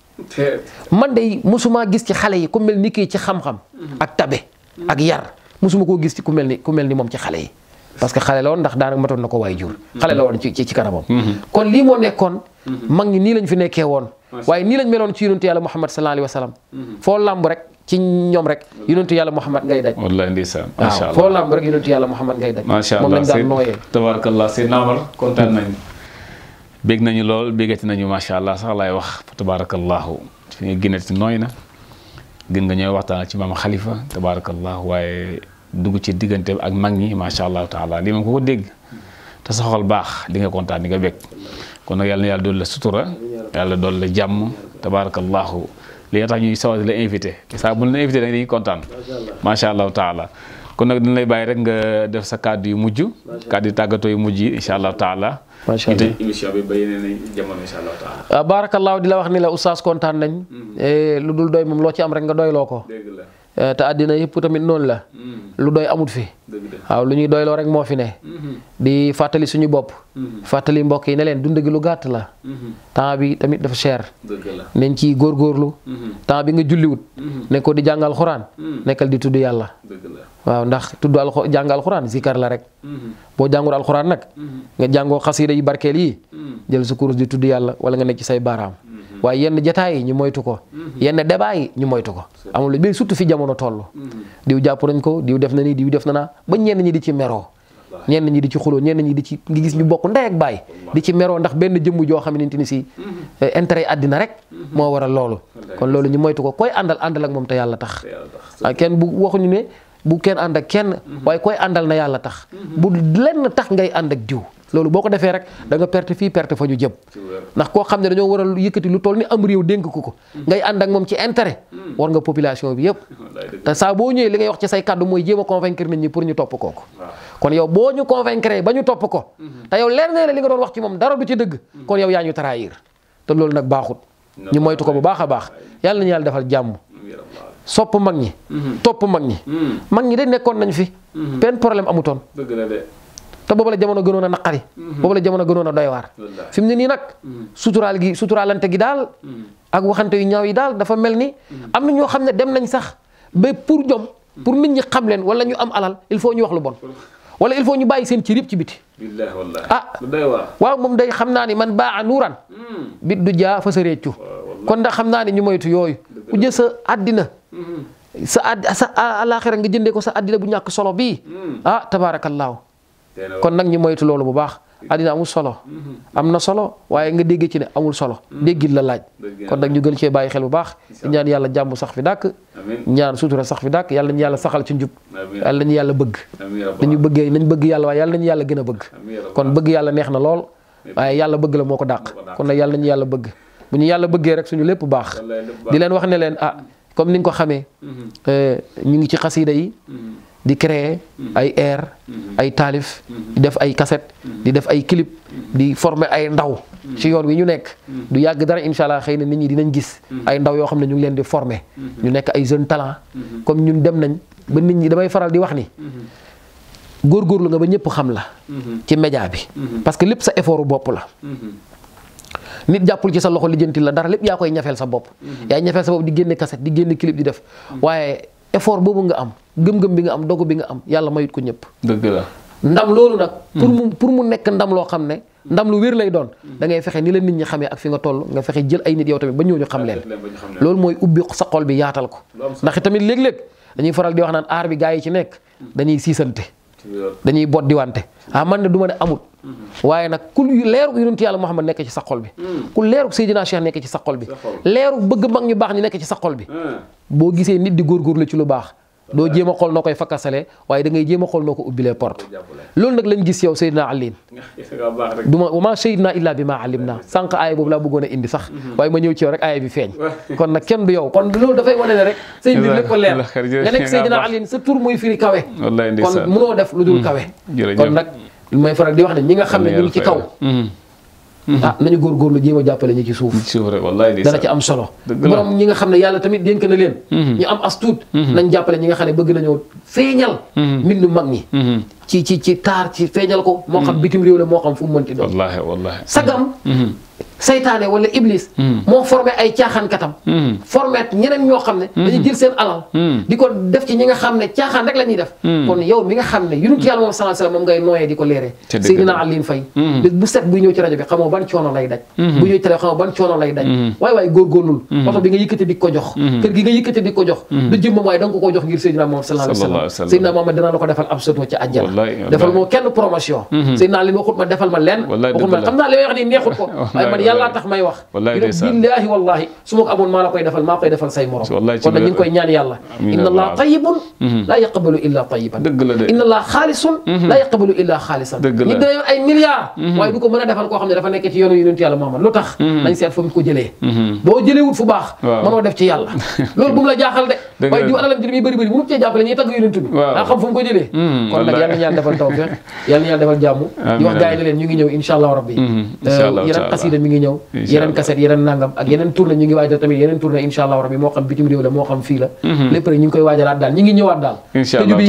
man day mosumaa gis ci xale yi ku mel ci xam-xam mm. ak tabe ak yar mosuma koo gis ci ku mel ni moom ci xale yi parce que xale la woon ndax daanaka matoon na ko waay jur xale la woon ci ci kanamam mm-hmm. kon lii moo nekkoon mm-hmm. mag ñi nii lañ fi nekkee woon waaye nii lañ meloon ci yonentu yàlla Muhammad sallallahu alayhi wa sallam mm-hmm. foo làmb rek ci ñoom rek yonentu yàlla Muhammad ngay daj wallaay ndeysaan macha allah foo làmb rek yonentu yàlla Muhammad ngay daj moom daan nooyee tabarakallah seen naamar kontaan nañ bég nañu lool bégati nañu macha allah sax laay wax tabarakallahu fi nga génnati nooy na gën nga ñooy waxtaan ci xalifa tabarakallahu dugg ci diggante ak mag ñi macha allah taala lii moom ku ko dégg te sa xol baax di nga kontaan di nga bég kon nag yàlla yàlla dool la sutura yàlla dool la jàmm tabaarakallaahu li tax ñuy sawati la invité saa bu la invité da dañuy kontaan macha allah taala kon nag dañ lay bàyyi rek nga def sa kàddu yu mujj kàddu yu tàggatoo yu mujj yi incha allah taala macha di la wax ni la oustaz kontaan nañ mm. eh, lu dul doy moom loo ci am rek nga doyloo ko Eh, te àddina yëpp tamit noonu la. Mm. lu doy amut fi. waaw lu ñuy doyloo rek moo fi ne. Mm-hmm. di fàttali suñu bopp. Mm-hmm. fàttali mbokk yi ne leen dund lu gàtt la. Mm-hmm. temps bi tamit dafa cher. nañ ciy góorgóorlu. temps bi nga julliwut. nekkoo di jàngal xuraan. Mm. nekkal di tudd yàlla. waaw ndax tudd al jàng alxuraan zikar la rek. boo jàngul alxuraan nag. nga jàngoo xasida yi barkeel yi. Mm. jël sa kurus di tudd yàlla wala nga nekk ci say baaraam. waaye yenn jataay yi ñu moytu ko mhm. yenn débat yi ñu moytu ko amul lu bi surtout fi jamono toll mhm. diw jàpp nañ ko diw def na nii diw def na naa ba ñenn ñi di ci meroo ñenn ñi di ci xuloo ñenn ñi di ci ngi gis ñu bokku ndey ak baay di ci meroo ndax benn jëmm joo xamante ni si mhm. eh, intérêt àddina rek moo war a loolu kon loolu ñu moytu ko koy àndal àndal ak moom te yàlla tax ah, kenn bu waxuñu ne bu kenn ànd ak kenn waaye koy àndal na yàlla tax bu lenn tax ngay ànd ak diw loolu boo ko defee rek danga nga perte fii perte fa ñu jëm ndax koo xam ne dañoo war a yëkkati lu toll ni am réew dénk ko ko ngay ànd ak moom ci intérêt war nga population bi yëpp te saa boo ñëwee li ngay wax ci say kàddu mooy jéem a convaincre nit ñi pour ñu topp kooku kon yow boo ñu convaincre ba ñu topp ko mhm. te yow leer na la li nga doon wax ci moom dara du ci dëgg mhm. kon yow yaa ñu trahir te loolu nag baaxut ñu moytu ko bu baax a baax yàlla nañu yàlla defal jàmm mm, sopp mag ñi mhm. topp mag ñi mm. mag ñi de nekkoon nañ fi benn problème amutoon ta bobu la jamono gënon na nakari mhm. bobu la jamono gënon na doy war fim mu ne nii nag. Mhm. suturaal gi suturalante gi dal mhm. ak waxante yu ñaaw yi dal dafa melni am ñu xamne dem nañ sax be pour jom. pour nit ñi xam leen wala ñu am alal il faut ñu wax lu bon. wala il faut ñu bayyi seen ci rip ci biti. billaahi wallaahi ah waaw mom day xamna ni man baa nuran bi du ja fa sa réccu kon da xamna ni ñu moytu yoy ku jël sa sa ad sa alaaxira nga jëndee ko sa adina bu ñak solo bi ah tabarakallah kon nag ñu moytu loolu bu baax àddina amul solo mhm. am na solo waaye nga déggee ci ne amul solo mhm. déggil la laaj kon nag ñu gën cee bàyyi xel bu baax ñaan yàlla jàmm sax fi dàkk ñaan sutura sax fi dàkk yàlla ñu yàlla saxal ci njub yàlla ñu yàlla bëgg nañu bëggee nañ bëgg yàlla waaye yàlla nañu yàlla gën a bëgg kon bëgg yàlla neex na lool waaye yàlla bëgg la moo ko dàq kon nag yàlla nañu yàlla bëgg bu ñu yàlla bëggee rek suñu lépp baax di leen wax ne leen a ah, comme ni nga ko xamee mhm. euh, ñu ngi ci xasida yi di créer mm-hmm. ay air mm-hmm. ay taalif di mm-hmm. def ay cassette di def ay clip di former ay ndaw si yoon wi ñu nekk du yàgg dara incha xëy na nit ñi dinañ gis ay ndaw yoo xam ne ñu ngi leen di former ñu nekk ay jeune talent comme ñun dem nañ ba nit ñi damay faral di wax ni góorgóorlu nga ba ñëpp xam la ci média bi parce que lépp sa effort bopp la nit jàppul ci sa loxo lijjanti la dara lépp yaa koy ñafeel sa bopp yaay ñafeel sa bopp di génn cassette di génne clip di def effort boobu nga am gëm-gëm bi nga am dogu bi nga am yàlla mayut ko ñëpp. dëgg la ndam loolu nag. Hmm. pour mu pour mu nekk ndam loo xam ne. Hmm. ndam lu wér lay doon. Hmm. da ngay fexe ni la nit ñi xamee ak fi nga toll nga fexe jël ay nit yow tamit ba ñëw ñu xam leen. loolu mooy ubbi sa xol bi yaatal ko. ndax tamit léeg-léeg dañuy faral di wax naan aar bi gaa yi ci nekk dañuy siisante dañuy bot di wante ah man na du ma ne amul waaye nag ku leerug yonentu yàlla Muhammad nekk ci sa xol bi ku leerug Seydina Cheikh nekk ci sa xol bi leerug bëgg mag ñu baax ñi nekk ci sa xol bi ah. boo gisee nit di góorgóorlu ci lu baax do jema xol nokoy fakassale koy da ngay jema xol noko noo porte loolu nak lañ gis yow Seydina Alioune du ma wama illa bima alimna sank ay bobu la bëggone indi sax waaye ma ñëw ci yow rek ay bi feñ kon nak kenn du yow kon loolu dafay wane ne rek say bi lépp leer nga nekk Seydina ali sa tour moy firi kawe kon mënoo def lu dul kawe kon nak may faral di wax ne ñi nga xamné ñu ci kaw Mm-hmm. ah nañu góorgóorlu jéem a jàppale ñi ci suuf dana ci am solo borom ñi nga xam ne yàlla tamit dénk na leen mm-hmm. ñu am as mm-hmm. nañ jàppale ñi nga xam ne bëgg nañoo feeñal mbindu mag ñi ci ci ci taar ci feeñal ko moo xam bitim réew la moo xam fu mu mënti doon wallaahi wallaahi sagam saytaane wala iblis. Hmm. moo formé ay caaxaan katam. Hmm. formé ñeneen ñoo xam ne. Hmm. dañuy jël seen alal. di ko def ci ñi nga xam ne caaxaan rek la ñuy def. kon yow mi nga xam ne yonent ko leeree. te dëgg Seydina Alioune Faye. bu set buy ñëw ci rajo bi xamoo ban coono lay daj. bu ñëw ci rajo xamoo ban coono lay daj. waay waay góorgóorlul. oto bi nga yëkkati di ko jox. kër gi nga yëkkati di ko jox. du jëmmam waaye da nga ko jox ngir Seydina Muhammad sallallahu alayhi la ko defal ab soto ci àjjana. ma defal ma lenn. yalla tax may wax billaahi wallahi su ma ko amoon maa la koy defal maa koy defal say morom kon nag ñu ngi koy ñaan yàlla inna allah tayibun mhm. laa yaqbalu illa tayiban inna allah xaalisun mhm. laa yaqbalu illa xaalisan nit dana ay milliards mhm. waaye du ko mën a defal koo xam ne dafa nekk ci yoonu yonent yàlla Muhammad lu tax nañ seet fu mu ko jëlee boo jëleewut fu baax mënoo def ci yàlla loolu bu mu la jaaxal de waaye diw alalam ji muy bëri bëri mënu cee jàppale ñuy tagg yonent bi daa xam fu ko jëlee kon nag yàlla ñaan defal tawfiq yàlla ñaan defal jàmm di wax gars yi ne ñu ngi ñëw insha allah rabbi euh, yeneen xasida mi ngi yeneen cassette yeneen nangam ak yeneen tournée ñu ngi waajal tamit yeneen tournée insha allah rabbi moo xam bitim réew la moo xam fii la mhm. lépp rek ñu ngi koy waajalaat daal ñu ngi ñëwaat daal tëju bi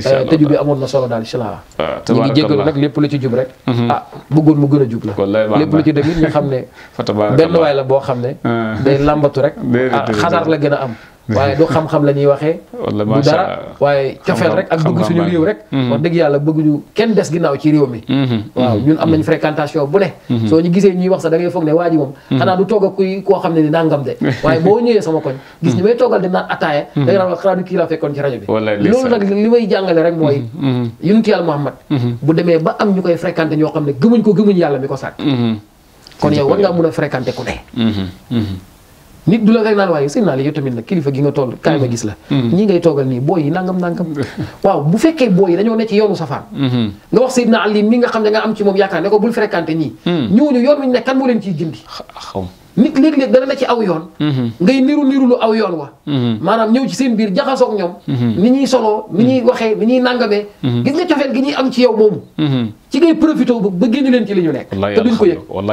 mhm. euh, amoon na solo daal insha allah ah, ñu ngi jéggalu nag lépp lu ci jub rek mhm. ah bëggoon mu gën a jub la lépp lu ci dëgg ñu xam ne benn waay la boo xam ne ah. day làmbatu rek ah, xasaar la gën a am waaye du xam-xam la ñuy waxee du dara waaye cofeel rek ak bëgg suñu réew rek wax dëgg yàlla bëgg ñu kenn des ginnaaw ci réew mi mhm. waaw mhm. ñun am nañ fréquentation bu ne mhm. soo ñu gisee ñuy wax sax da ngay foog ne waa xanaa du toog koo xam ne ni nangam de waaye boo ñëwee sama koñ gis ñu may toogal di naan ataaya da nga naan wax xanaa du kii laa fekkoon ci rajo bi loolu nag li may jàngale rek mooy yunti yàlla Muhammad bu demee ba am ñu koy fréquenté ñoo xam ne gëmuñ ko gëmuñ yàlla mi ko sàkk kon yow war a fréquenté nit du la rek naan waaye sëñ naa la yow tamit nag kilifa gi nga toll kaay ma mm-hmm. gis la mm-hmm. ñi ngay toogal nii booy yi nangam nangam waaw bu fekkee booy yi dañoo ne ci yoonu safaan mm-hmm. nga wax Seydina Ali mi nga xam ne nga am ci moom yaakaar ne ko bul fréquenté ñii ñooñu yoon wi ñu ne leen ciy gindi nit léeg-léeg dana na ci aw yoon. Mhm. ngay niru niru lu aw wa. Mhm. maanaam ñëw ci seen biir jaxasoo ñoom. Mhm. ni ñuy soloo ni ñuy waxee ni ñuy nangamee. gis nga cofeel gi ñuy am ci yow moomu. ci ngay profité ba ba génn leen ci li ñu nekk. te duñ ko na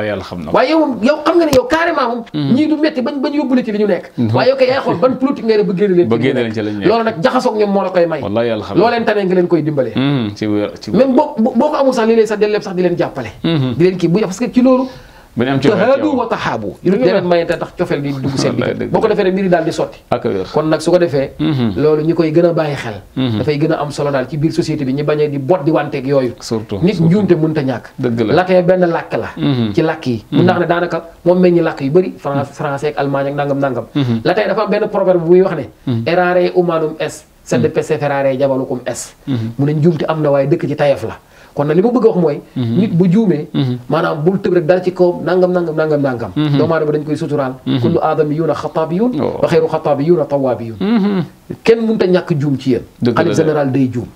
waaye yow yow xam nga ne yow carrément moom. ñii du metti bañ bañ yóbbu la ci li yaay xool ban politique ngay def ba génn leen. ba leen ñu nekk loolu nag jaxasoo ñoom moo la koy may. wallaahi yàlla xam nga leen koy dimbalee. ci boo boo ko amul sax li leen sax sax di leen jàppale. di leen kii bu parce que bu ñu am ci tahaadu wa taxaabu tax cofeel di dugg seen defee rek mbir yi daal di sotti kon nag su ko defee mm-hmm. loolu ñi koy gën a bàyyi xel mm-hmm. dafay gën a am solo daal ci biir société bi ñu bañee di bot di wanteeg yooyu surtout nit njuumte mën ta ñàkk dëgg la benn làkk la mm-hmm. ci làkk yi mun naa ne daanaka moom meññi làkk yu bëri France français ak allemagne ak nangam nangam la dafa benn proverbe bu muy wax ne errare humanum est sed pece ferrare jabalukum est mu ne njuumte am na waaye dëkk ci tayef la kon na li ma bëgg a wax mooy. Mhm. nit bu juumee. Mhm. maanaam bul tëb rek dara ci kawam nangam nangam nangam nangam. Mhm. doomu aadama dañ koy suturaal. kullu aadamiyuuna xataabiyuun. Oh. wa xayru xataabiyuuna tawwaabiyuun. kenn mënut a ñàkk juum ci yéen. dëgg xalif général day juum.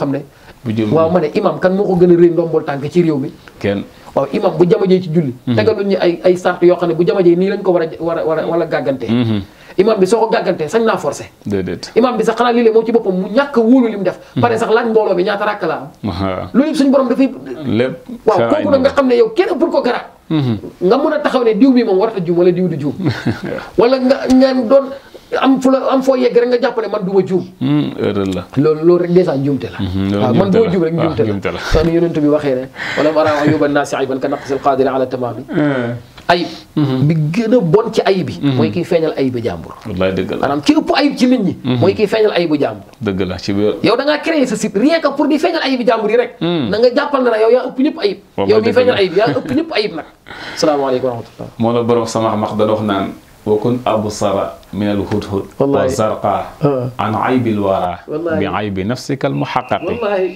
xam ne. waaw kan moo ko gën a rëy ndombol tànk ci réew mi. kenn waaw imam bu jamajee ci julli. tegaluñ ñu ay ay sart yoo xam ne bu jamajee nii lañ ko war a war a wala gàggante imam bi soo ko gàggantee naa forcé déedéet imam bi sax xanaa lii-lée moom ci boppam mu ñàkk wóolu li mu def hmm. pare sax laaj mbooloo bi ñaata rakk la loolu yëpp suñu borom dafay nga xam hmm. a taxaw ne diw bi moom warata juum wala diw du juum wala nga nga doon am fu la am foo nga jàpp ne man du ma juum. heure hmm, la loolu loolu rek dèjà njuumte la. waaw man doo juum rek ah, njuumte la waaw njuumte la. soo yonent bi waxee ne. wala ma raaw ayuba naasi ayban ka naqsil qaadiri ala tamaami eh. ayib bi mhm. gën bon ci ayib moy mhm. ki feñal ayib jambour wallahi deug la anam ci upp ayib ci nit ñi moy mhm. ki feñal ayib jambour deug la ci wër yow da nga créer ce site rien que pour di feñal ayib jambour yi rek da nga jappal na yow ya upp ñep ayib yow mi feñal ayib ya upp ñep ayib assalamu alaykum wa rahmatullah mo la borom sama mak da dox naan an ayib al wara bi ayib nafsik al بعيب wallahi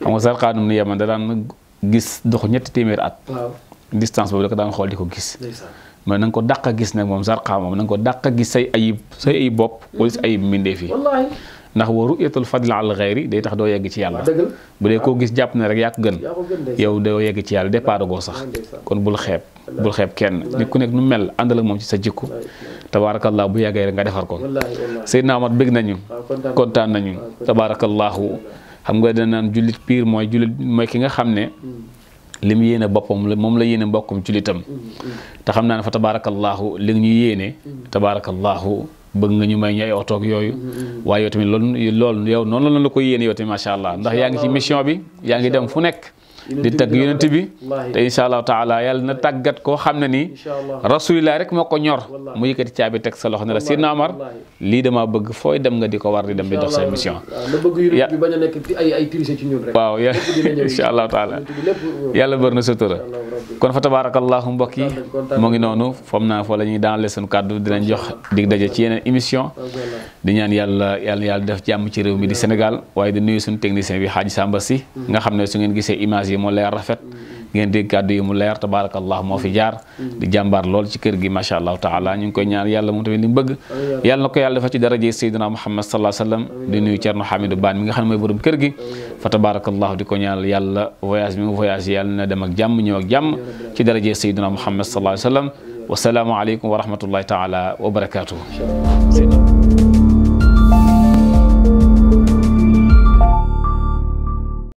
المحقق zarqa أما ni yaman da دلان gis dox ñet témèr at distance boobu da ko daan xool di ko gis. mais na nga ko dàq a gis nag moom Zarqa moom na nga ko dàq a gis say ayib say bopp. Mm-hmm. wala ayib mbindeef yi. ndax wa ru'yatul fadli al day tax doo yegg ci yàlla. Ah, bu dee koo gis jàpp na rek yaa ko gën. yow doo yegg ci yàlla départ goo sax. kon bul xeeb bul xeeb kenn nit ku nekk nu mel àndal moom ci sa jikko. tabaarakallah bu yàggee rek nga defar ko. Seydina Omar bëgg ah, nañu. kontaan nañu ah, tabaarakallahu xam nga danaan jullit pire mooy jullit mooy ki nga xam ne hmm. li mu yéene boppam moom la yéene mbokkum ci litam te xam naa ne fa tabaarakallaahu li ñu yéene tabaarakallaahu bëgg nga ñu may ñu ay otoog yooyu waaye yow tamit loolu loolu yow noonu la la ko yéene yow tamit allah ndax yaa ngi ci mission bi yaa ngi dem fu nekk di tag yonent bi te inshallah taala yàlla na tagat ko xamne ni nii rek moko ñor mu yëkëti ciabi tek sa lox na si namar li dama bëgg foy dem nga di war di dem ya. bi dox sa mission. ñun ya waaw inshallah taala yalla bërna na sutura kon fa tabarakallahu mbokki mo ngi nonu foom naa foo la ñuy daanale sunu kàddu dinañ jox dig dajé ci yeneen émission di ñaan yalla yalla yalla def jamm ci réew mi di Sénégal waye di nuyu sun technicien bi haji Samba si hmm. nga xamne su ngeen gisee image yi mu leer rafet ngeen dégg kàddu yi mu leer tabaarakallah moo fi jaar di jàmbaar lool ci kër gi macha allahu taala ñu ngi koy ñaan yàlla moom tamit li mu bëgg yàlla na ko yàlla dafa ci daraje sayyidina muhammad sallallahu alayhi wa sallam di nuyu Cerno Hamidou Baan mi nga xam ne mooy borom kër gi fa tabaarakallah di ko ñaanal yàlla voyage mi mu voyage yàlla na dem ak jàmm ñëw ak jàmm ci daraje sayyidina muhammad sallallahu alayhi wa sallam wasalaamu aleykum wa rahmatullahi taala wa barakatuhu